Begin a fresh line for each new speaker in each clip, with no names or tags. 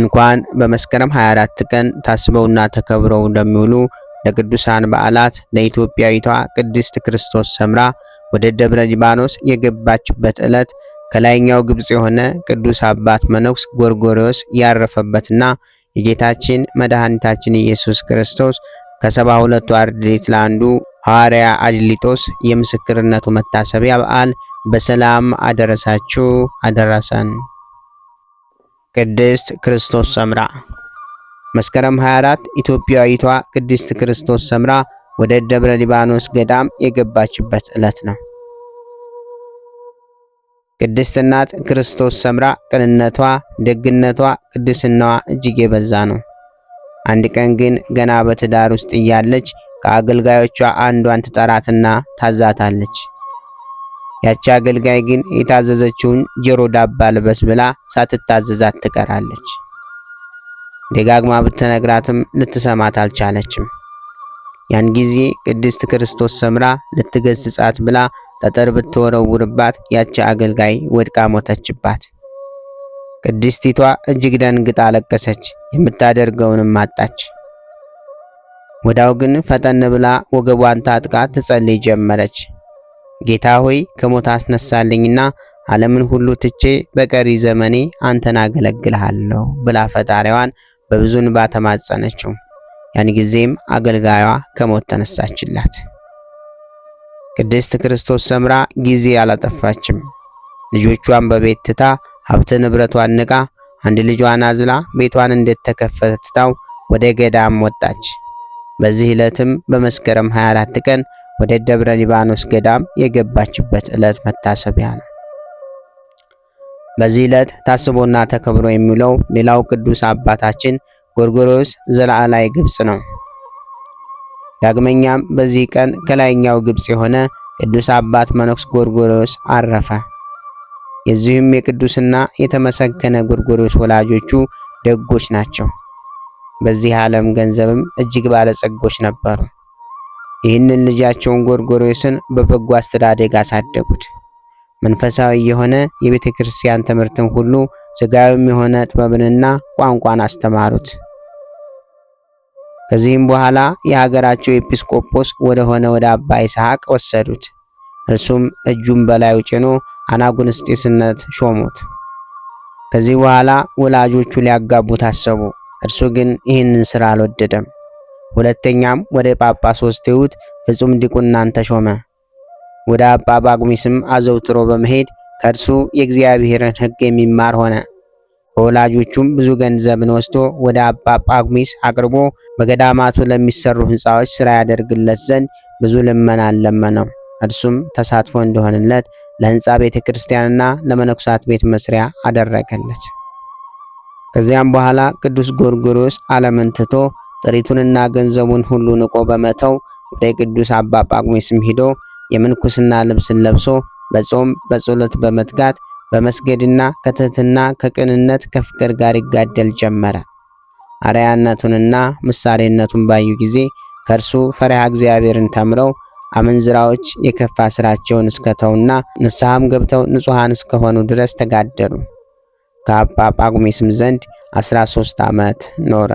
እንኳን በመስከረም 24 ቀን ታስበውና ተከብረው እንደሚውሉ ለቅዱሳን በዓላት ለኢትዮጵያዊቷ ቅድስት ክርስቶስ ሰምራ ወደ ደብረ ሊባኖስ የገባችበት ዕለት ከላይኛው ግብፅ የሆነ ቅዱስ አባት መነኩስ ጎርጎሪዎስ ያረፈበትና የጌታችን መድኃኒታችን ኢየሱስ ክርስቶስ ከሰባ ሁለቱ አርድእት ለአንዱ ሐዋርያ አድሊጦስ የምስክርነቱ መታሰቢያ በዓል በሰላም አደረሳችሁ አደረሰን። ቅድስት ክርስቶስ ሰምራ መስከረም 24 ኢትዮጵያዊቷ ቅድስት ክርስቶስ ሰምራ ወደ ደብረ ሊባኖስ ገዳም የገባችበት ዕለት ነው። ቅድስት እናት ክርስቶስ ሰምራ ቅንነቷ፣ ደግነቷ፣ ቅድስናዋ እጅግ የበዛ ነው። አንድ ቀን ግን ገና በትዳር ውስጥ እያለች ከአገልጋዮቿ አንዷን ትጠራትና ታዛታለች። ያቺ አገልጋይ ግን የታዘዘችውን ጆሮ ዳባ ልበስ ብላ ሳትታዘዛት ትቀራለች። ደጋግማ ብትነግራትም ልትሰማት አልቻለችም። ያን ጊዜ ቅድስት ክርስቶስ ሰምራ ልትገስጻት ብላ ጠጠር ብትወረውርባት ያቺ አገልጋይ ወድቃ ሞተችባት። ቅድስቲቷ እጅግ ደንግጣ አለቀሰች፣ የምታደርገውንም አጣች። ወዳው ግን ፈጠን ብላ ወገቧን ታጥቃ ትጸልይ ጀመረች። ጌታ ሆይ ከሞት አስነሳልኝና ዓለምን ሁሉ ትቼ በቀሪ ዘመኔ አንተን አገለግልሃለሁ ብላ ፈጣሪዋን በብዙ እንባ ተማጸነችው። ያን ጊዜም አገልጋዩዋ ከሞት ተነሳችላት። ቅድስት ክርስቶስ ሰምራ ጊዜ አላጠፋችም። ልጆቿን በቤት ትታ ሀብት ንብረቷን ንቃ አንድ ልጇን አዝላ ቤቷን እንደተከፈተ ትታው ወደ ገዳም ወጣች። በዚህ ዕለትም በመስከረም 24 ቀን ወደ ደብረ ሊባኖስ ገዳም የገባችበት ዕለት መታሰቢያ ነው። በዚህ ዕለት ታስቦና ተከብሮ የሚውለው ሌላው ቅዱስ አባታችን ጎርጎሮስ ዘለዓላይ ግብጽ ነው። ዳግመኛም በዚህ ቀን ከላይኛው ግብጽ የሆነ ቅዱስ አባት መነኩስ ጎርጎሮስ አረፈ። የዚህም የቅዱስና የተመሰገነ ጎርጎሮስ ወላጆቹ ደጎች ናቸው። በዚህ ዓለም ገንዘብም እጅግ ባለጸጎች ነበሩ። ይህንን ልጃቸውን ጎርጎሮስን በበጎ አስተዳደግ አሳደጉት። መንፈሳዊ የሆነ የቤተ ክርስቲያን ትምህርትን ሁሉ ሥጋዊም የሆነ ጥበብንና ቋንቋን አስተማሩት። ከዚህም በኋላ የሀገራቸው ኤጲስቆጶስ ወደ ሆነ ወደ አባ ይስሐቅ ወሰዱት። እርሱም እጁን በላዩ ጭኖ አናጉንስጢስነት ሾሙት። ከዚህ በኋላ ወላጆቹ ሊያጋቡት አሰቡ። እርሱ ግን ይህንን ሥራ አልወደደም። ሁለተኛም ወደ ጳጳስ ትሑት ፍጹም ዲቁናን ተሾመ። ወደ አባ ጳጉሚስም አዘውትሮ በመሄድ ከእርሱ የእግዚአብሔርን ሕግ የሚማር ሆነ። ከወላጆቹም ብዙ ገንዘብን ወስዶ ወደ አባ ጳጉሚስ አቅርቦ በገዳማቱ ለሚሰሩ ሕንፃዎች ሥራ ያደርግለት ዘንድ ብዙ ልመና ለመነው። እርሱም ተሳትፎ እንደሆንለት ለሕንፃ ቤተ ክርስቲያንና ለመነኩሳት ቤት መስሪያ አደረገለት። ከዚያም በኋላ ቅዱስ ጎርጎርዮስ ዓለምን ትቶ ጥሪቱንና ገንዘቡን ሁሉ ንቆ በመተው ወደ ቅዱስ አባ ጳቁሚስም ሂዶ የምንኩስና ልብስን ለብሶ በጾም በጸሎት በመትጋት በመስገድና ከትህትና ከቅንነት ከፍቅር ጋር ይጋደል ጀመረ። አርያነቱንና ምሳሌነቱን ባዩ ጊዜ ከእርሱ ፈሪሃ እግዚአብሔርን ተምረው አመንዝራዎች የከፋ ስራቸውን እስከተውና ንስሐም ገብተው ንጹሐን እስከሆኑ ድረስ ተጋደሉ። ከአባ ጳጉሜስም ዘንድ 13 ዓመት ኖረ።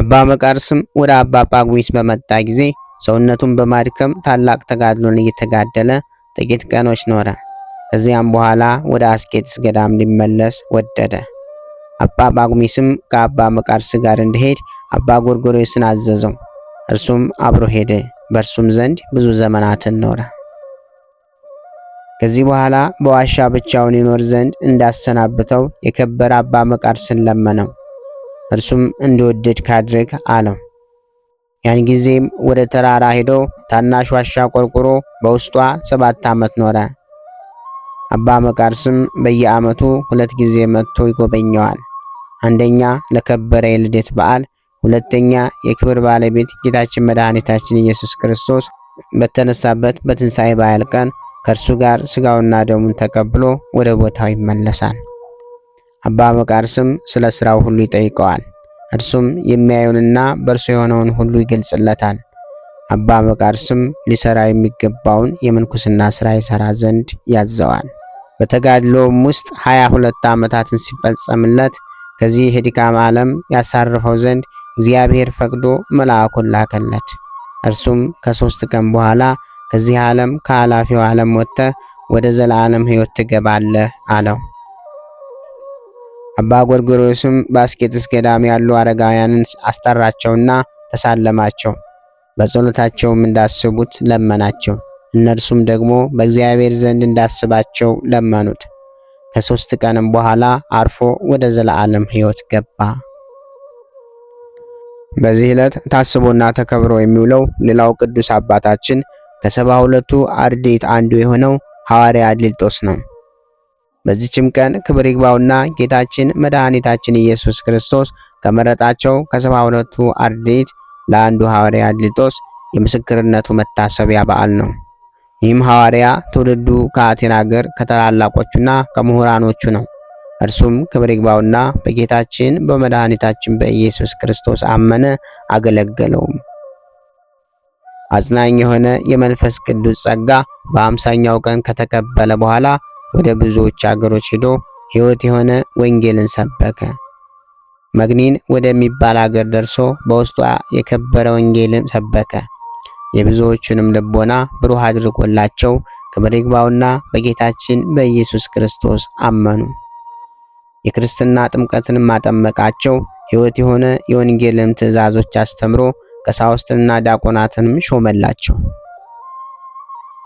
አባ መቃርስም ወደ አባ ጳጉሚስ በመጣ ጊዜ ሰውነቱን በማድከም ታላቅ ተጋድሎን እየተጋደለ ጥቂት ቀኖች ኖረ። ከዚያም በኋላ ወደ አስቄጥስ ገዳም ሊመለስ ወደደ። አባ ጳጉሚስም ከአባ መቃርስ ጋር እንዲሄድ አባ ጎርጎርዮስን አዘዘው። እርሱም አብሮ ሄደ። በእርሱም ዘንድ ብዙ ዘመናትን ኖረ። ከዚህ በኋላ በዋሻ ብቻውን ይኖር ዘንድ እንዳሰናብተው የከበረ አባ መቃርስን ለመነው። እርሱም እንደወደድ ካድርግ አለው። ያን ጊዜም ወደ ተራራ ሄዶ ታናሽ ዋሻ ቆርቁሮ በውስጧ ሰባት ዓመት ኖረ። አባ መቃርስም በየዓመቱ ሁለት ጊዜ መጥቶ ይጎበኘዋል። አንደኛ ለከበረ የልደት በዓል፣ ሁለተኛ የክብር ባለቤት ጌታችን መድኃኒታችን ኢየሱስ ክርስቶስ በተነሳበት በትንሣኤ በዓል ቀን ከእርሱ ጋር ሥጋውና ደሙን ተቀብሎ ወደ ቦታው ይመለሳል። አባ መቃርስም ስለ ስራው ሁሉ ይጠይቀዋል። እርሱም የሚያዩንና በእርሱ የሆነውን ሁሉ ይገልጽለታል። አባ መቃርስም ሊሰራ የሚገባውን የምንኩስና ስራ ይሰራ ዘንድ ያዘዋል። በተጋድሎም ውስጥ ሀያ ሁለት ዓመታትን ሲፈጸምለት ከዚህ የድካም ዓለም ያሳርፈው ዘንድ እግዚአብሔር ፈቅዶ መልአኩን ላከለት። እርሱም ከሶስት ቀን በኋላ ከዚህ ዓለም ከኃላፊው ዓለም ወጥተህ ወደ ዘላለም ሕይወት ትገባለህ አለው። አባ ጎርጎሪዎስም በአስቄጥስ ገዳም ያሉ አረጋውያንን አስጠራቸውና ተሳለማቸው። በጸሎታቸውም እንዳስቡት ለመናቸው። እነርሱም ደግሞ በእግዚአብሔር ዘንድ እንዳስባቸው ለመኑት። ከሦስት ቀንም በኋላ አርፎ ወደ ዘለዓለም ሕይወት ገባ። በዚህ ዕለት ታስቦና ተከብሮ የሚውለው ሌላው ቅዱስ አባታችን ከሰባ ሁለቱ አርድእት አንዱ የሆነው ሐዋርያ አድልጦስ ነው። በዚችም ቀን ክብር ይግባውና ጌታችን መድኃኒታችን ኢየሱስ ክርስቶስ ከመረጣቸው ከሰባ ሁለቱ አርድእት ለአንዱ ሐዋርያ ድልጦስ የምስክርነቱ መታሰቢያ በዓል ነው። ይህም ሐዋርያ ትውልዱ ከአቴን አገር ከታላላቆቹና ከምሁራኖቹ ነው። እርሱም ክብር ይግባውና በጌታችን በመድኃኒታችን በኢየሱስ ክርስቶስ አመነ፣ አገለገለውም። አጽናኝ የሆነ የመንፈስ ቅዱስ ጸጋ በአምሳኛው ቀን ከተቀበለ በኋላ ወደ ብዙዎች አገሮች ሄዶ ሕይወት የሆነ ወንጌልን ሰበከ። መግኒን ወደሚባል አገር ደርሶ በውስጧ የከበረ ወንጌልን ሰበከ። የብዙዎቹንም ልቦና ብሩህ አድርጎላቸው ክብር ይግባውና በጌታችን በኢየሱስ ክርስቶስ አመኑ። የክርስትና ጥምቀትን ማጠመቃቸው ሕይወት የሆነ የወንጌልን ትእዛዞች አስተምሮ ከሳውስትና ዲያቆናትንም ሾመላቸው።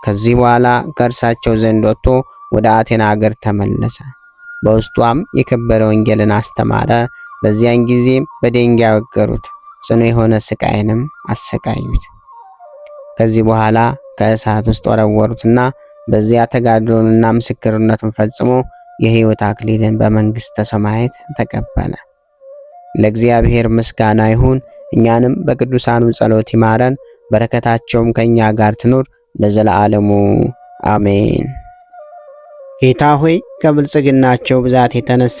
ከዚህ በኋላ ከእርሳቸው ዘንድ ወጥቶ ወደ አቴና አገር ተመለሰ። በውስጧም የከበረ ወንጌልን አስተማረ። በዚያን ጊዜም በድንጋይ ወገሩት፣ ጽኑ የሆነ ስቃይንም አሰቃዩት። ከዚህ በኋላ ከእሳት ውስጥ ወረወሩትና በዚያ ተጋድሎንና ምስክርነቱን ፈጽሞ የሕይወት አክሊልን በመንግሥተ ሰማያት ተቀበለ። ለእግዚአብሔር ምስጋና ይሁን። እኛንም በቅዱሳኑ ጸሎት ይማረን፣ በረከታቸውም ከእኛ ጋር ትኑር ለዘላለሙ አሜን። ጌታ ሆይ ከብልጽግናቸው ብዛት የተነሳ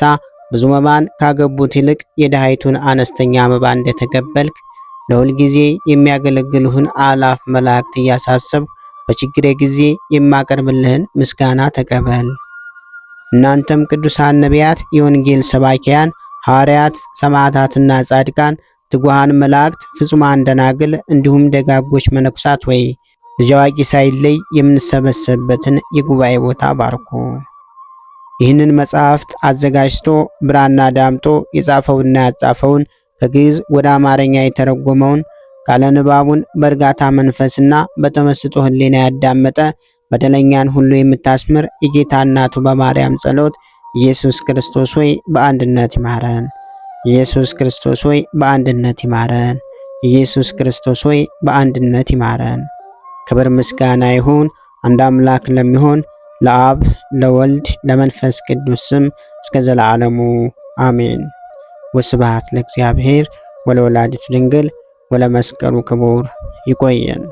ብዙ መባን ካገቡት ይልቅ የድሃይቱን አነስተኛ መባ እንደተቀበልክ ለሁል ጊዜ የሚያገለግልህን አላፍ መላእክት እያሳሰብ በችግሬ ጊዜ የማቀርብልህን ምስጋና ተቀበል። እናንተም ቅዱሳን ነቢያት፣ የወንጌል ሰባኪያን ሐዋርያት፣ ሰማዕታትና ጻድቃን፣ ትጉሃን መላእክት፣ ፍጹማን ደናግል እንዲሁም ደጋጎች መነኩሳት ወይ ልጅ አዋቂ ሳይለይ የምንሰበሰብበትን የጉባኤ ቦታ ባርኮ ይህንን መጽሐፍት አዘጋጅቶ ብራና ዳምጦ የጻፈውና ያጻፈውን ከግዕዝ ወደ አማርኛ የተረጎመውን ቃለ ንባቡን በእርጋታ መንፈስና በተመስጦ ሕሊና ያዳመጠ በደለኛን ሁሉ የምታስምር የጌታ እናቱ በማርያም ጸሎት ኢየሱስ ክርስቶስ ሆይ በአንድነት ይማረን። ኢየሱስ ክርስቶስ ሆይ በአንድነት ይማረን። ኢየሱስ ክርስቶስ ሆይ በአንድነት ይማረን። ክብር ምስጋና ይሁን አንድ አምላክ ለሚሆን ለአብ ለወልድ ለመንፈስ ቅዱስ ስም እስከ ዘላለሙ አሜን። ወስብሐት ለእግዚአብሔር ወለወላዲቱ ድንግል ወለመስቀሉ ክቡር። ይቆየን።